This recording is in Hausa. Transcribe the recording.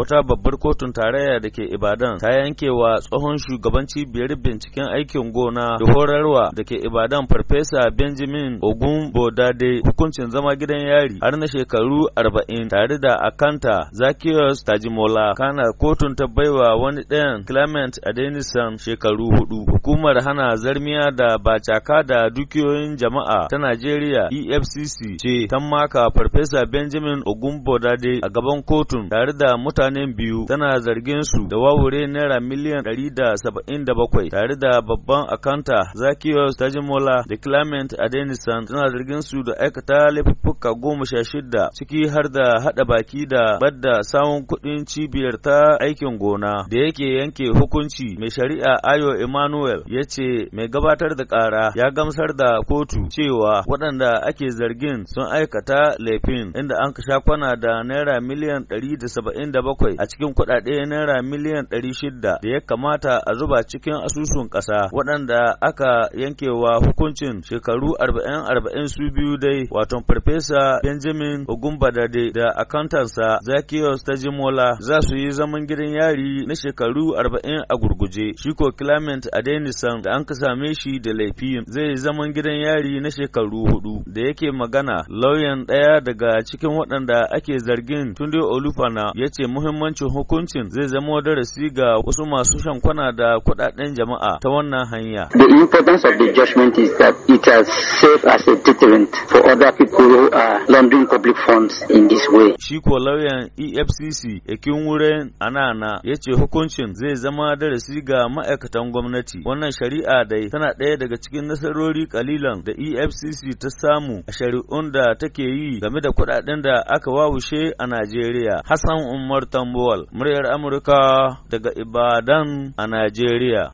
wata babbar kotun tarayya da ke Ibadan ta yanke wa tsohon shugaban cibiyar binciken aikin gona da horarwa da ke Ibadan Farfesa Benjamin Ogun Bodade hukuncin zama gidan yari har na shekaru arba'in tare da akanta Zakiyos Tajimola kana kotun ta baiwa wani ɗayan Clement Adenisan shekaru hudu. Hukumar hana zarmiya da bacaka da dukiyoyin jama'a ta Najeriya EFCC ce ta maka Farfesa Benjamin Ogun Bodade a gaban kotun tare da mutane mutanen biyu tana zargin su da wawure naira miliyan 177 tare da babban akanta Zakiyos Tajimola da Clement Adenison tana zargin su da aikata laifuffuka goma sha shida ciki har da hada baki da badda samun kuɗin cibiyar ta aikin gona da yake yanke hukunci mai shari'a Ayo Emmanuel ya ce mai gabatar da kara ya gamsar da kotu cewa waɗanda ake zargin sun aikata laifin inda an sha kwana da naira miliyan 177 bakwai a cikin kuɗaɗe naira miliyan ɗari shida da ya kamata a zuba cikin asusun ƙasa waɗanda aka yankewa hukuncin shekaru arba'in arba'in su biyu dai wato farfesa benjamin ogunbadade da akantarsa zakiyos tajimola za su yi zaman gidan yari na shekaru arba'in a gurguje shiko clement adenisan da an ka same shi da laifi zai yi zaman gidan yari na shekaru hudu da yake magana lauyan ɗaya daga cikin waɗanda ake zargin tunde olufana ya ce muhimmancin hukuncin zai zama darasi ga wasu masu shan kwana da kuɗaɗen jama'a ta wannan hanya. The importance of the judgment is that it has served as a deterrent for other people who are laundering public funds in this way. Shi ko lauyan EFCC Ekin Wuren Anana ya ce hukuncin zai zama darasi ga ma'aikatan gwamnati. Wannan shari'a dai tana ɗaya daga cikin nasarori kalilan da EFCC ta samu a shari'un da take yi game da kuɗaɗen da aka wawushe a Najeriya. Hassan Umar Tambuwal, muryar Amurka daga Ibadan a Najeriya.